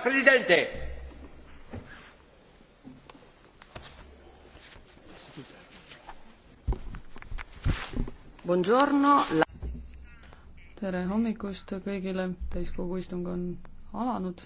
Presidente! tere hommikust kõigile, täiskogu istung on alanud